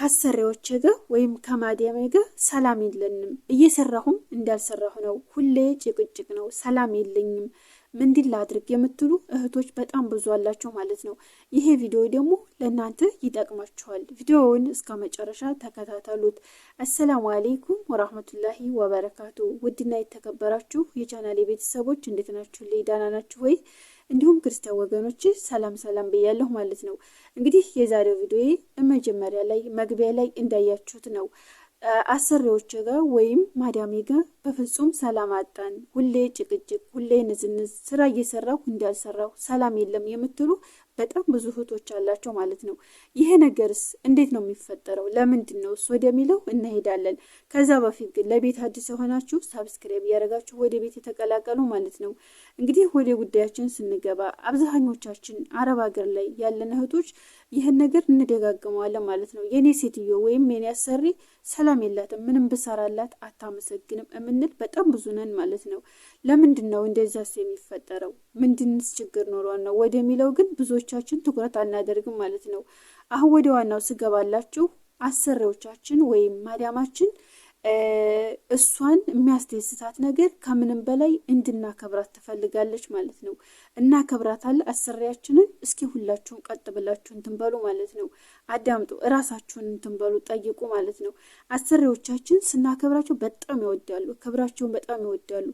ከአሰሪዎች ጋር ወይም ከማዲያሜ ጋር ሰላም የለንም። እየሰራሁም እንዳልሰራሁ ነው። ሁሌ ጭቅጭቅ ነው። ሰላም የለኝም። ምንድን ላድርግ የምትሉ እህቶች በጣም ብዙ አላቸው ማለት ነው። ይሄ ቪዲዮ ደግሞ ለእናንተ ይጠቅማችኋል። ቪዲዮውን እስከ መጨረሻ ተከታተሉት። አሰላሙ አሌይኩም ወራህመቱላሂ ወበረካቱ። ውድና የተከበራችሁ የቻናሌ ቤተሰቦች እንዴት ናችሁ? ደህና ናችሁ ወይ? እንዲሁም ክርስቲያን ወገኖች ሰላም ሰላም ብያለሁ ማለት ነው። እንግዲህ የዛሬው ቪዲዮ መጀመሪያ ላይ መግቢያ ላይ እንዳያችሁት ነው አሰሪዎች ጋር ወይም ማዳሜ ጋር በፍጹም ሰላም አጣን፣ ሁሌ ጭቅጭቅ፣ ሁሌ ንዝንዝ፣ ስራ እየሰራሁ እንዳልሰራሁ ሰላም የለም የምትሉ በጣም ብዙ እህቶች አላቸው ማለት ነው። ይሄ ነገርስ እንዴት ነው የሚፈጠረው? ለምንድን ነው እሱ ወደሚለው እንሄዳለን። ከዛ በፊት ግን ለቤት አዲስ የሆናችሁ ሳብስክራይብ እያደረጋችሁ ወደ ቤት የተቀላቀሉ ማለት ነው። እንግዲህ ወደ ጉዳያችን ስንገባ አብዛኞቻችን አረብ ሀገር ላይ ያለን እህቶች ይህን ነገር እንደጋግመዋለን ማለት ነው። የኔ ሴትዮ ወይም የኔ አሰሪ ሰላም የላትም፣ ምንም ብሰራላት አታመሰግንም የምንል በጣም ብዙ ነን ማለት ነው። ለምንድን ነው እንደዛስ የሚፈጠረው? ምንድንስ ችግር ኖሯን ነው ወደሚለው ግን ብዙዎቻችን ትኩረት አናደርግም ማለት ነው። አሁን ወደ ዋናው ስገባላችሁ አሰሪዎቻችን ወይም ማዳማችን እሷን የሚያስደስታት ነገር ከምንም በላይ እንድናከብራት ትፈልጋለች ማለት ነው። እናከብራታለን። አሰሪያችንን እስኪ ሁላችሁም ቀጥ ብላችሁ እንትን በሉ ማለት ነው። አዳምጡ፣ እራሳችሁን እንትን በሉ ጠይቁ ማለት ነው። አሰሪዎቻችን ስናከብራቸው በጣም ይወዳሉ፣ ክብራቸውን በጣም ይወዳሉ።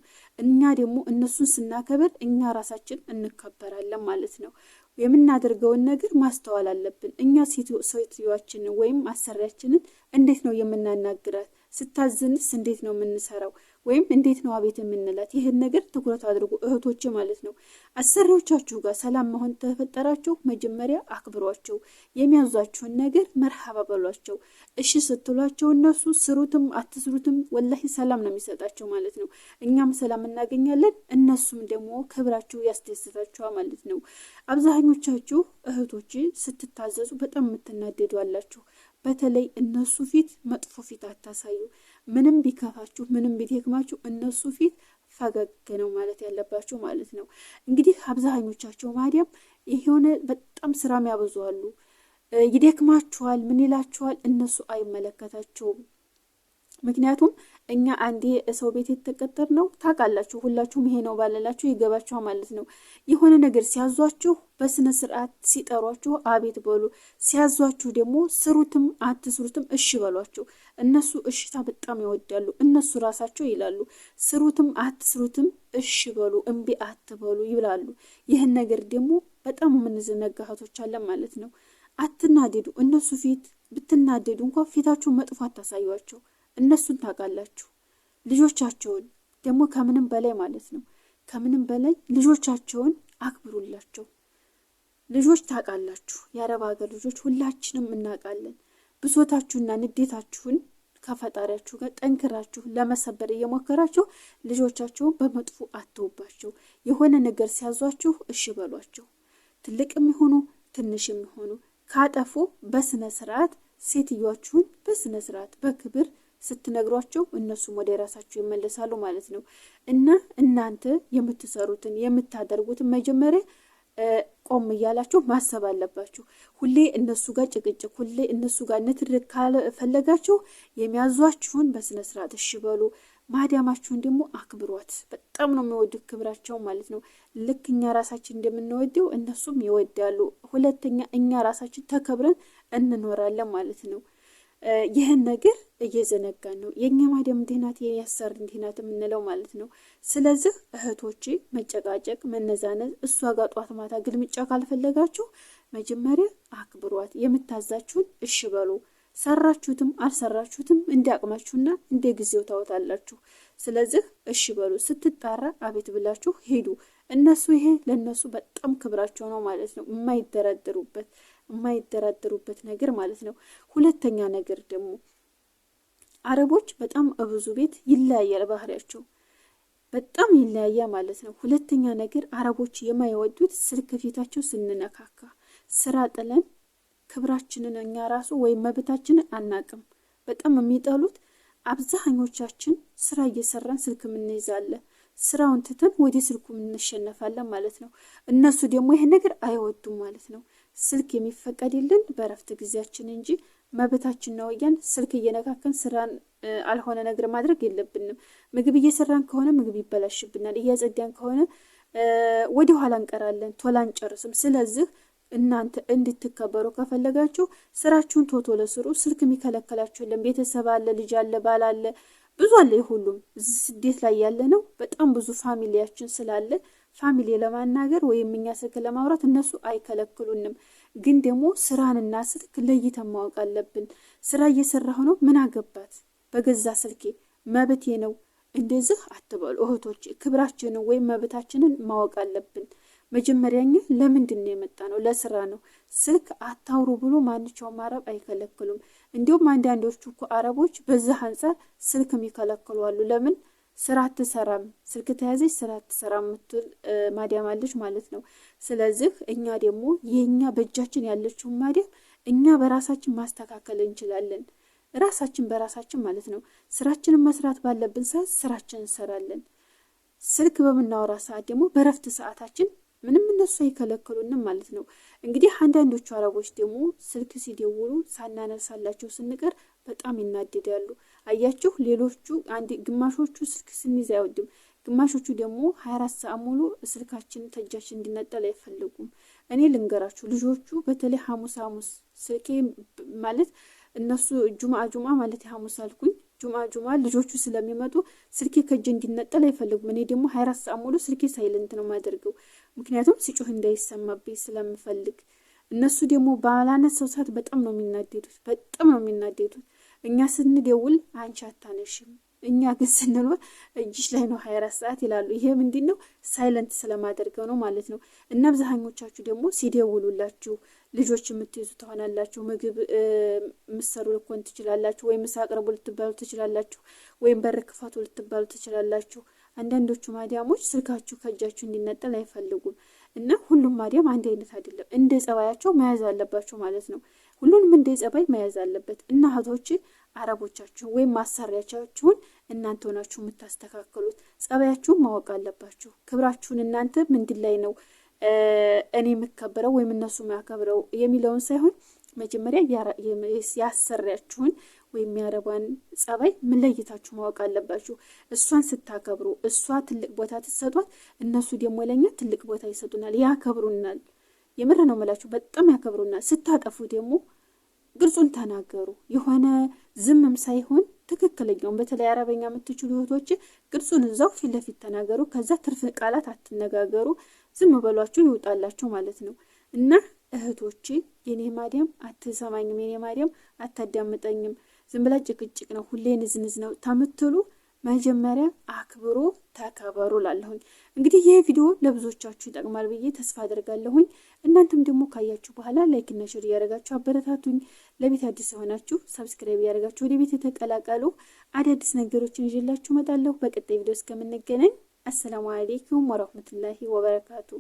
እኛ ደግሞ እነሱን ስናከብር እኛ ራሳችን እንከበራለን ማለት ነው። የምናደርገውን ነገር ማስተዋል አለብን። እኛ ሴትዮዋችንን ወይም አሰሪያችንን እንዴት ነው የምናናግራት? ስታዝንስ እንዴት ነው የምንሰራው? ወይም እንዴት ነው አቤት የምንላት? ይህን ነገር ትኩረት አድርጉ እህቶች ማለት ነው። አሰሪዎቻችሁ ጋር ሰላም መሆን ተፈጠራችሁ፣ መጀመሪያ አክብሯቸው። የሚያዟችሁን ነገር መርሃባ በሏቸው። እሺ ስትሏቸው እነሱ ስሩትም አትስሩትም ወላሂ ሰላም ነው የሚሰጣቸው ማለት ነው። እኛም ሰላም እናገኛለን፣ እነሱም ደግሞ ክብራችሁ ያስደስታችኋ ማለት ነው። አብዛኞቻችሁ እህቶች ስትታዘዙ በጣም የምትናደዱ አላችሁ። በተለይ እነሱ ፊት መጥፎ ፊት አታሳዩ። ምንም ቢከፋችሁ፣ ምንም ቢደክማችሁ እነሱ ፊት ፈገግ ነው ማለት ያለባቸው ማለት ነው። እንግዲህ አብዛኞቻቸው ማዲያም የሆነ በጣም ስራም ያበዙአሉ። ይደክማችኋል፣ ምን ይላችኋል፣ እነሱ አይመለከታቸውም። ምክንያቱም እኛ አንዴ ሰው ቤት የተቀጠር ነው ታውቃላችሁ። ሁላችሁም ይሄ ነው ባለላችሁ ይገባችኋ ማለት ነው። የሆነ ነገር ሲያዟችሁ በስነ ስርዓት ሲጠሯችሁ አቤት በሉ፣ ሲያዟችሁ ደግሞ ስሩትም አትስሩትም እሺ በሏችሁ። እነሱ እሽታ በጣም ይወዳሉ። እነሱ ራሳቸው ይላሉ ስሩትም አትስሩትም እሺ በሉ፣ እምቢ አትበሉ ይብላሉ። ይህን ነገር ደግሞ በጣም የምንዘነጋ አለን ማለት ነው። አትናደዱ። እነሱ ፊት ብትናደዱ እንኳ ፊታችሁን መጥፎ አታሳዩቸው። እነሱን ታውቃላችሁ። ልጆቻቸውን ደግሞ ከምንም በላይ ማለት ነው ከምንም በላይ ልጆቻቸውን አክብሩላቸው። ልጆች ታውቃላችሁ፣ የአረብ ሀገር ልጆች ሁላችንም እናውቃለን። ብሶታችሁና ንዴታችሁን ከፈጣሪያችሁ ጋር ጠንክራችሁ ለመሰበር እየሞከራችሁ ልጆቻቸውን በመጥፎ አትውባቸው። የሆነ ነገር ሲያዟችሁ እሺ በሏቸው። ትልቅም ይሆኑ ትንሽም ይሆኑ ካጠፉ በስነ ስርዓት ሴትዮችሁን በስነ ስርዓት በክብር ስትነግሯቸው እነሱም ወደ ራሳቸው ይመለሳሉ ማለት ነው። እና እናንተ የምትሰሩትን የምታደርጉትን መጀመሪያ ቆም እያላችሁ ማሰብ አለባችሁ። ሁሌ እነሱ ጋር ጭቅጭቅ፣ ሁሌ እነሱ ጋር ንትርክ ካልፈለጋችሁ የሚያዟችሁን በስነ ስርዓት እሺ በሉ። ማዳማችሁን ደግሞ አክብሯት። በጣም ነው የሚወዱ ክብራቸው ማለት ነው። ልክ እኛ ራሳችን እንደምንወደው እነሱም ይወዳሉ። ሁለተኛ እኛ ራሳችን ተከብረን እንኖራለን ማለት ነው። ይህን ነገር እየዘነጋን ነው። የእኛ ማዲያም እንዲህናት የሚያሳር እንዲህናት የምንለው ማለት ነው። ስለዚህ እህቶች መጨቃጨቅ፣ መነዛነዝ እሷ ጋር ጧት ማታ ግልምጫ ካልፈለጋችሁ መጀመሪያ አክብሯት፣ የምታዛችሁን እሽ በሉ። ሰራችሁትም አልሰራችሁትም እንደ አቅማችሁና እንደ ጊዜው ታወታላችሁ። ስለዚህ እሽ በሉ። ስትጣራ አቤት ብላችሁ ሄዱ። እነሱ ይሄ ለእነሱ በጣም ክብራቸው ነው ማለት ነው የማይደረድሩበት የማይደራደሩበት ነገር ማለት ነው። ሁለተኛ ነገር ደግሞ አረቦች በጣም ብዙ ቤት ይለያያል ባህሪያቸው በጣም ይለያያ ማለት ነው። ሁለተኛ ነገር አረቦች የማይወዱት ስልክ ፊታቸው ስንነካካ ስራ ጥለን ክብራችንን እኛ ራሱ ወይም መብታችንን አናቅም። በጣም የሚጠሉት አብዛኞቻችን ስራ እየሰራን ስልክ የምንይዛለን፣ ስራውን ትተን ወደ ስልኩ እንሸነፋለን ማለት ነው። እነሱ ደግሞ ይሄን ነገር አይወዱም ማለት ነው። ስልክ የሚፈቀድልን በረፍት ጊዜያችን እንጂ መብታችን ነው እያን ስልክ እየነካከን ስራን አልሆነ ነገር ማድረግ የለብንም። ምግብ እየሰራን ከሆነ ምግብ ይበላሽብናል። እያጸዳን ከሆነ ወደ ኋላ እንቀራለን፣ ቶላ አንጨርስም። ስለዚህ እናንተ እንድትከበሩ ከፈለጋችሁ ስራችሁን ቶቶ ለስሩ። ስልክ የሚከለከላችሁ የለም። ቤተሰብ አለ፣ ልጅ አለ፣ ባል አለ፣ ብዙ አለ። የሁሉም ስደት ላይ ያለ ነው። በጣም ብዙ ፋሚሊያችን ስላለ ፋሚሊ ለማናገር ወይም እኛ ስልክ ለማውራት እነሱ አይከለክሉንም። ግን ደግሞ ስራንና ስልክ ለይተን ማወቅ አለብን። ስራ እየሰራ ሆኖ ምን አገባት በገዛ ስልኬ መብቴ ነው እንደዚህ አትበሉ እህቶች። ክብራችንን ወይም መብታችንን ማወቅ አለብን። መጀመሪያኛ ለምንድን ነው የመጣ ነው? ለስራ ነው። ስልክ አታውሩ ብሎ ማንኛውም አረብ አይከለክሉም። እንዲሁም አንዳንዶቹ እኮ አረቦች በዚህ አንጻር ስልክ የሚከለክሉ ለምን ስራ አትሰራም፣ ስልክ ተያዘች ስራ አትሰራም የምትል ማዲያም አለች ማለት ነው። ስለዚህ እኛ ደግሞ የእኛ በእጃችን ያለችውን ማዲያም እኛ በራሳችን ማስተካከል እንችላለን። ራሳችን በራሳችን ማለት ነው። ስራችንን መስራት ባለብን ሰዓት ስራችን እንሰራለን። ስልክ በምናወራ ሰዓት ደግሞ በረፍት ሰዓታችን ምንም እነሱ አይከለክሉንም ማለት ነው። እንግዲህ አንዳንዶቹ አረቦች ደግሞ ስልክ ሲደውሉ ሳናነሳላቸው ስንቀር በጣም ይናደዳሉ። አያችሁ። ሌሎቹ አንድ ግማሾቹ ስልክ ስንይዝ አይወድም፣ ግማሾቹ ደግሞ ሀያ አራት ሰዓት ሙሉ ስልካችን ተጃችን እንዲነጠል አይፈልጉም። እኔ ልንገራችሁ ልጆቹ በተለይ ሐሙስ ሐሙስ ስልኬ ማለት እነሱ ጁማ ጁማ ማለት ሐሙስ አልኩኝ ጁማ ጁማ ልጆቹ ስለሚመጡ ስልኬ ከእጅ እንዲነጠል አይፈልጉም። እኔ ደግሞ ሀያ አራት ሰዓት ሙሉ ስልኬ ሳይለንት ነው ማደርገው፣ ምክንያቱም ሲጮህ እንዳይሰማብኝ ስለምፈልግ። እነሱ ደግሞ ባላነሳው ሰዓት በጣም ነው የሚናደዱት፣ በጣም ነው የሚናደዱት። እኛ ስንደውል አንቺ አታነሽም፣ እኛ ግን ስንኖር እጅሽ ላይ ነው ሀያ አራት ሰዓት ይላሉ። ይሄ ምንድን ነው? ሳይለንት ስለማደርገው ነው ማለት ነው። እና አብዛኞቻችሁ ደግሞ ሲደውሉላችሁ ልጆች የምትይዙ ትሆናላችሁ፣ ምግብ ምሰሩ ልኮን ትችላላችሁ፣ ወይም ምሳ አቅርቡ ልትባሉ ትችላላችሁ፣ ወይም በር ክፈቱ ልትባሉ ትችላላችሁ። አንዳንዶቹ ማዲያሞች ስልካችሁ ከእጃችሁ እንዲነጠል አይፈልጉም እና ሁሉም ማዲያም አንድ አይነት አይደለም። እንደ ጸባያቸው መያዝ አለባቸው ማለት ነው። ሁሉንም እንደ ጸባይ መያዝ አለበት እና እህቶቼ አረቦቻችሁ ወይም ማሰሪያቻችሁን እናንተ ሆናችሁ የምታስተካክሉት ጸባያችሁን ማወቅ አለባችሁ። ክብራችሁን እናንተ ምንድን ላይ ነው እኔ የምከብረው ወይም እነሱ የሚያከብረው የሚለውን ሳይሆን መጀመሪያ ያሰሪያችሁን ወይም የአረቧን ጸባይ ምን ለይታችሁ ማወቅ አለባችሁ። እሷን ስታከብሩ እሷ ትልቅ ቦታ ትሰጧት፣ እነሱ ደግሞ ለኛ ትልቅ ቦታ ይሰጡናል፣ ያከብሩናል። የምር ነው የምላችሁ፣ በጣም ያከብሩናል። ስታጠፉ ደግሞ ግልጹን ተናገሩ። የሆነ ዝምም ሳይሆን ትክክለኛውን በተለይ አረበኛ የምትችሉ እህቶች ግልጹን እዛው ፊት ለፊት ተናገሩ። ከዛ ትርፍ ቃላት አትነጋገሩ። ዝም በሏቸው ይውጣላችሁ ማለት ነው እና እህቶቼ የኔ ማርያም አትሰማኝም፣ የኔ ማርያም አታዳምጠኝም፣ ዝም ብላ ጭቅጭቅ ነው፣ ሁሌ ንዝንዝ ነው ተምትሉ መጀመሪያ አክብሮ ተከበሩ ላለሁኝ። እንግዲህ ይህ ቪዲዮ ለብዙዎቻችሁ ይጠቅማል ብዬ ተስፋ አድርጋለሁኝ። እናንተም ደግሞ ካያችሁ በኋላ ላይክ እና ሽር እያደረጋችሁ አበረታቱኝ። ለቤት አዲስ የሆናችሁ ሰብስክራይብ እያደረጋችሁ ወደ ቤት የተቀላቀሉ አዳዲስ ነገሮችን ይዤላችሁ እመጣለሁ። በቀጣይ ቪዲዮ እስከምንገናኝ አሰላሙ አሌይኩም ወረህመቱላሂ ወበረካቱ።